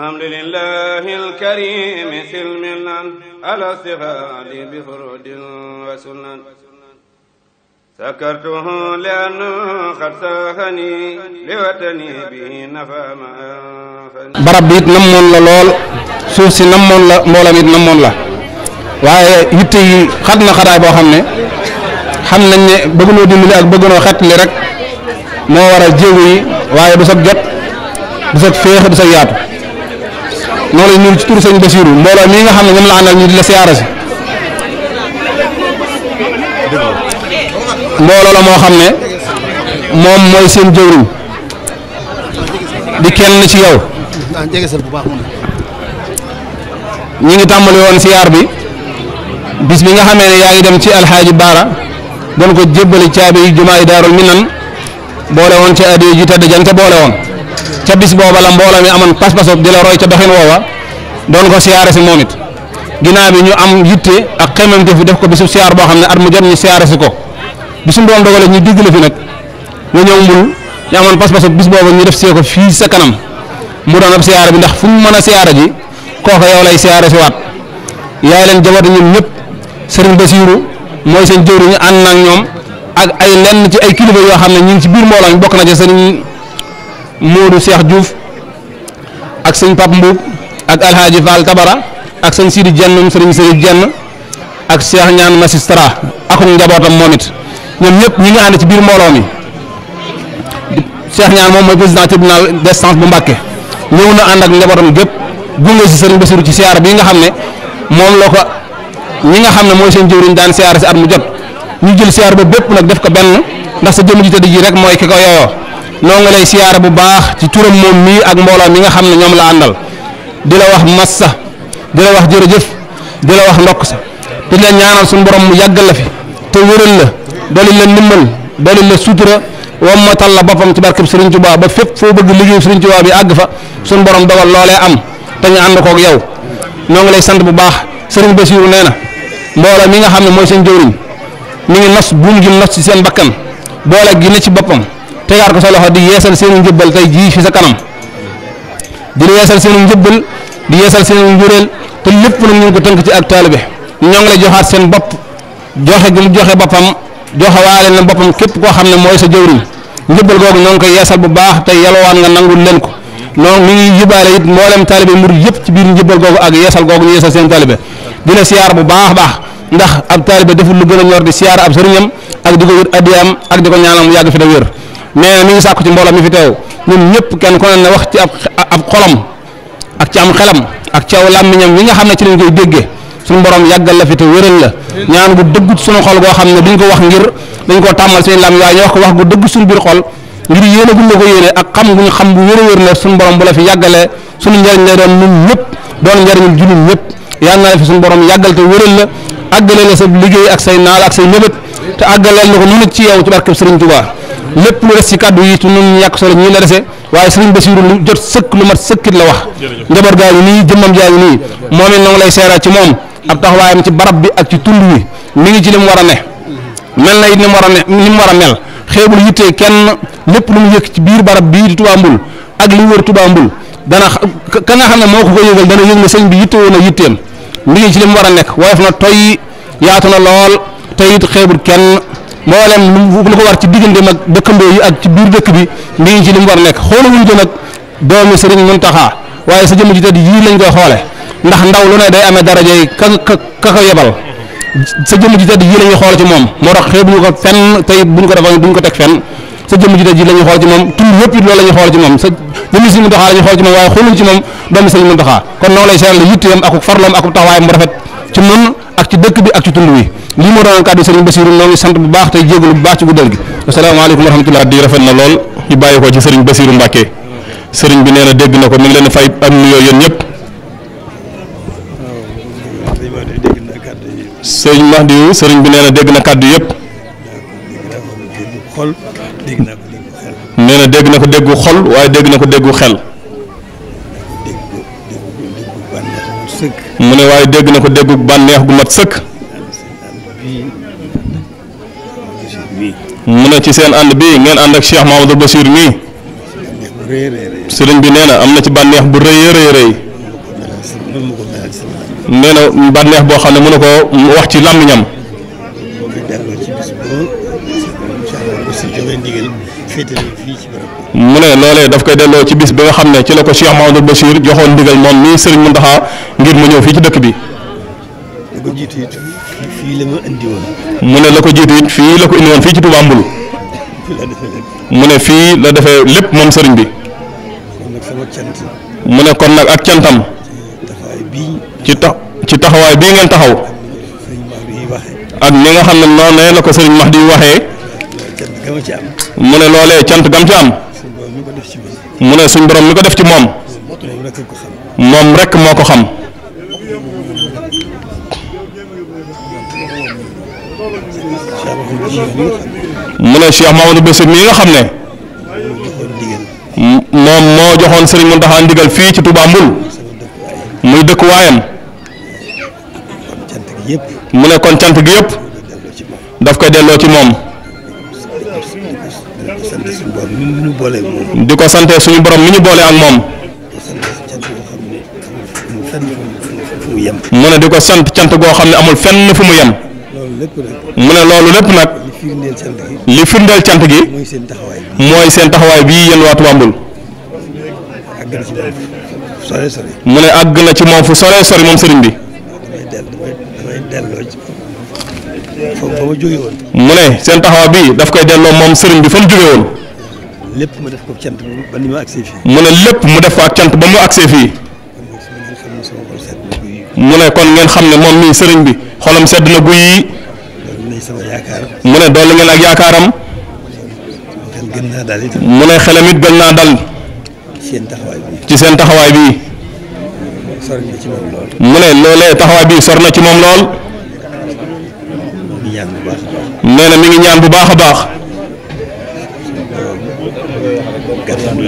الحمد لله الكريم سلمنا على استفاد بفرد وسنن سكرته لأنه قد ساخني لوطني barab bi it namoon la lool suuf si namoon la mboolam it namoon la waaye yitte yi xat na boo xam ne xam nañ ne bëgg noo dimbali ak bëgg noo xet rek moo waral jéego yi waaye du sag jot du sag féex du sag yaatu noo lay nuyu ci turu sëñ Basiiru mbooloo mii nga xam ne ñoom la àndal ñu di la siyaara si mbooloo moo xam ne moom mooy seen jëwriñ di kenn ci yow ñi ngi tàmbali woon siyaar bi bis bi nga xam ne yaa ngi dem ci alxaaji baara doon ko jébbali caabi jumaa yi daarul minan boole woon ci adiya ji tedd ca boole woon ca bis booba la mbooloo mi amoon pas-pasu di la roy ca doxin woowa doon ko siyaare si moom it bi ñu am yitte ak xemam def def ko siyaar boo xam ne at mu jot ñu siyaare si ko a yow lay siyaare si waat yaay leen jabar ñun ñëpp sëriñ Basiiru mooy seen jëwriñu ànd na ak ñoom ak ay lenn ci ay kilifa yoo xam ne ñu ci biir mbooloo mi bokk na ci sëriñ Modou Cheikh Diouf ak sëñ Pape Mbuub ak Alhaji Fall Tabara ak sëñ Sidi Jenn moom sëriñ Sëriñ Jenn ak Cheikh Ñaan Masistra ak njabootam moom it ñoom ñëpp ñi nga ànd ci biir mbooloo mi Cheikh Ñaan moom mooy président tribunal d'instance bu Mbàkke ñëw na ànd ak njabootam gépp gunge si sëriñ Basiru ci siyaar bii nga xam ne moom la ko ñi nga xam ne mooy seen jëwriñ daan siyaar si at mu jot ñu jël siyaar ba bépp nag def ko benn ndax sa jëm ji tëdd ji rek mooy ki ko noo ngi lay siyaara bu baax ci turam moom mii ak mbooloo mi nga xam ne ñoom la andal di la wax massa di la wax jërëjëf di la wax ndokk sa di la ñaanal suñu borom mu yàggal la fi te wéral la dolli la ndimbal dolli la sutura wammatal la boppam ci barkeb Serigne Touba ba fépp foo bëgg liggéeyu Serigne Touba bi àgg fa suñu borom dogal loolee am te ñu ànd koog yow noo ngi lay sant bu baax Serigne Bassirou nee na mbooloo mi nga xam ne mooy seen jëwriñ mi ngi nos buum gi nos ci seen bakkan boole gi ci boppam. tegaat ko sa loxo di yeesal seenu njëbbal tey jii fi sa kanam di yeesal seenu njëbbal di yeesal seenu njuréel te lépp nag ñu ngi ko tënk ci ak taalibe ñoo ngi lay joxaat seen bopp joxe gi joxe boppam joxe waale na boppam képp koo xam ne mooy sa jëwriñ njëbbal googu ñoo ngi koy yeesal bu baax te yalwaan nga nangul leen ko noonu mi ngi yóbbaale it mboolem taalibe mur yëpp ci biir njëbbal googu ak yeesal googu ñu yeesal seen taalibe di la siyaar bu baax baax ndax ab taalibe deful lu gën a ñor di siyaar ab sëriñam ak di ko wut addiyaam ak yàgg fi da wér nee na mi ngi sàkku ci mboola mi fi teew ñun ñëpp kenn ku ne wax ci ab ab xolam ak ci am xelam ak ci aw làmmiñam ñi nga xam ne ci lañ koy déggee suñu borom yàggal la fi te wéral la ñaan gu dëggut suñu xol goo xam ne duñ ko wax ngir dañ koo tàmmal seen làmmiñ waaye wax ko wax suñu biir xol ngir yéene guñ la ko yéene ak xam guñ xam bu wér a wér la suñu borom bu la fi yàggalee suñu njëriñ lay doon ñun ñëpp doon njëriñul jullit ñëpp yàlla na la fi suñu borom yàggal te wéral la àggale la sa liggéey ak say naal ak say nëbët te àggaleel na ko nu ci yow ci barkeb Sëriñ Tuubaa lépp lu des ci kàddu yi ñun ñu yàq solo ñii la dese waaye sëriñ Basiru lu jot sëkk lu mat sëkkit la wax njaboot gaa ngi nii jëmmam jaa ngi nii moom it noo lay seeraat ci moom ab taxawaayam ci barab bi ak ci tund wi mi ngi ci li mu a ne mel na it ni mu war a ne ni mu war a mel lu mu ci biir barab bii di Touba Mboul ak li wër Touba Mboul dana ka nga xam ne moo ko ko yëgal dana yëg ne sëñ mi ngi ci li mu war a nekk woyof na toy yaatu na lool te it kenn mboolem lu ko war ci diggante mag dëkkandoo yi ak ci biir dëkk bi mi ngi ci li mu war nekk xoolawuñ ko nag doomi sëriñ Muntaxa waaye sa jëmm ji tëdd yii lañ koy xoole ndax ndaw lu ne day amee daraja yi ka ka ko yebal sa jëmm ji tëdd yii la ñuy xool ci moom moo tax xëy bu ñu ko fenn tey bu ñu ko defoon duñ ko teg fenn sa jëmm ji tëdd yii la ñuy xool ci moom tund yëpp it loolu la ñuy xool ci moom sa jëmm sëriñ Muntaxa la ñuy xool ci moom waaye xooluñ ci moom doomi sëriñ Muntaxa kon noonu lay seeral la yitteem ak farloom ak taxawaayam bu rafet ci nun ak ci dëkk bi ak ci tund wi lii moo doon kàddu sëriñ Basiru noo ngi sant bu baax tey jégalu bu baax ci guddal gi asalaamaaleykum wa rahmatulah di rafet na lool ñu bàyyi ko ci sëriñ Basiru Mbàkke sëriñ bi nee na dégg na ko mi ngi leen fay am nuyoo yéen ñëpp sëriñ sëriñ bi nee na dégg na kàddu yëpp nee na dégg na ko déggu xol waaye dégg na ko déggu xel mu ne waaye dégg na ko déggu bànneex gu mat sëkk mu ne ci seen ànd bi ngeen ànd ak Cheikh Mahamadou Bassir mii sëriñ bi nee na am na ci bànneex bu rëy rëy rëy na bànneex boo xam ne mën na ko wax ci làmmiñam mu ne loolee daf koy delloo ci bis bi nga xam ne ci la ko Cheikh Mahamadou Bassir joxoon ndigal moom mii sëriñ Mountakha ngir mu ñëw fii ci dëkk bi mu ne la ko jiitu it fii la ko indi fii ci Touba Mbulu. mu ne fii la defee lépp moom sëriñ bi. mu ne kon nag ak cantam. ci tax ci taxawaay bii ngeen taxaw. ak ni nga xam ne noonee la ko sëriñ max Mahdi waxee. mu ne loolee cant gam ci am. mu ne suñ borom mi ko def ci moom. moom rekk moo ko xam. mu ne Cheikh Mamadou Bessir mii nga xam ne moom moo joxoon sëriñ Mountakha ndigal fii ci Touba Mbul muy dëkkuwaayam mu ne kon cant gi yëpp daf koy delloo ci moom di ko sante suñu borom mi ñu boole ak moom mu ne di ko sant cant goo xam ne amul fenn fu mu yem mu ne loolu lépp nag li firndeel cant gi mooy seen taxawaay bii yéen waa Touba Mboul mu ne àgg na ci moom fu sore sori moom sëriñ bi mu ne seen taxawaay daf koy delloo moom sëriñ bi fa mu jóge woon lépp mu def ko cant ba mu agsee fii mu ne lépp mu def ko ak cant ba mu agsee fii mu ne kon ngeen xam ne moom mii sëriñ bi xolam sedd na guy mu ne dolli ngeen ak yaakaaram mu ne xelam it gën naa dal ci seen taxawaay bii mu ne loolee taxawaay bi sor na ci moom lool nee na mi ngi ñaan bu baax a baax mu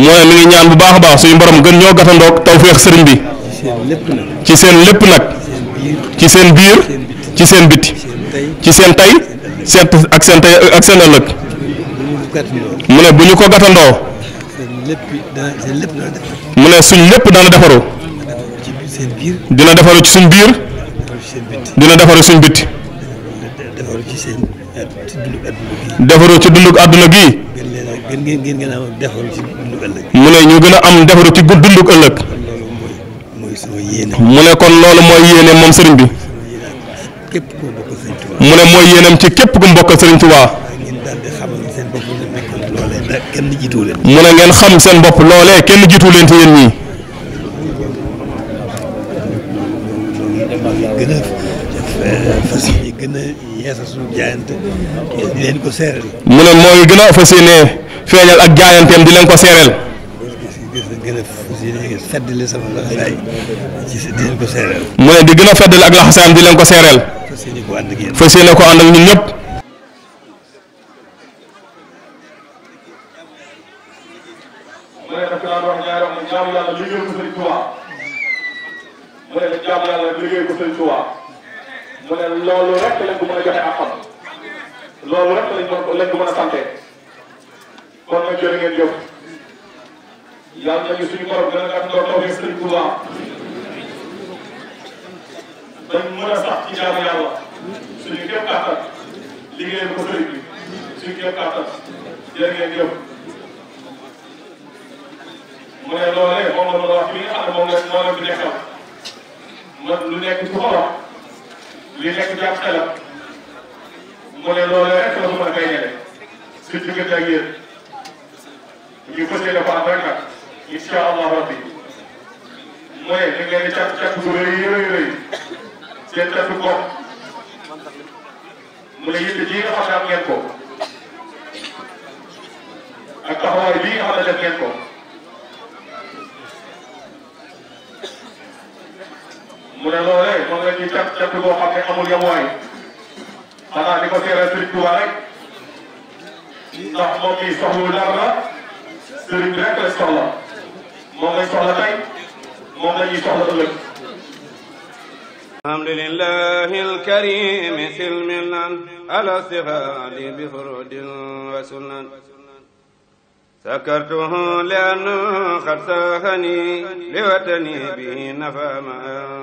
mi ngi ñaan bu baax a baax suñu borom gën ñoo gàttandoog tawféex sëriñ bi ci seen lépp nag ci seen biir ci seen biti ci seen tey seen ak seen tey ak seen ëllëg mu ne bu ñu ko gàttandoo mu ne suñ lépp dana defaroo dina defaroo ci suñ biir dina defaru suñ biti defaru ci dunduk àdduna bii mu ne ñu gën a am defaru ci dunduk ëllëg mu ne kon loolu mooy yéene moom sëriñ bi mu ne mooy yéenam ci képp ku mbokkal Sëriñ Tuubaa mu ne ngeen xam seen bopp loolee kenn jiitu leen ci yéen ñii eh, mu gën a fas yéene feeñal ak jaayanteem di leen ko seereel mu ne di gën a feddali ak laxasaayam di leen ko seereel fas yéene ko ànd ak ñun ñëpp. kon nag jërë ngeen jëf yàlla nañu suñu borom gën a gàtt ndox ndox yi sëriñ Tuubaa bañ mën a sax ci jaamu yàlla suñu képp kàttan liggéey ko sëriñ bi suñu képp kàttan jërë ngeen jëf mu ne loolee moom la doon wax bi nga xam ne moom la moom la fi nekkal man lu nekk ci xolam li nekk jàpp xelam mu ne loolee rek la ko mën a gañale suñu diggante ak yéen ñu fas yéene ko am rek nag incha allah rabbi mu ne ñu ngi leen di càkk càkk bu rëy rëy rëy seen kàddu bopp mu ne yitte ji nga xam ne ngeen ko ak taxawaay bii nga xam ne ngeen ko mu ne loolee moom la ñuy cat cat boo xam ne amul yamuwaay xanaa di ko seeral Serigne Touba rek ndax moom mii soxlu dara la Serigne bi rek la soxla moom lañ soxla tey moom la ñuy soxla ëllëg. alhamdulilah alkarim silmilan ala sixaali bi furudin wa sunan sakartuhu li an xad saxani li watani bi nafa ma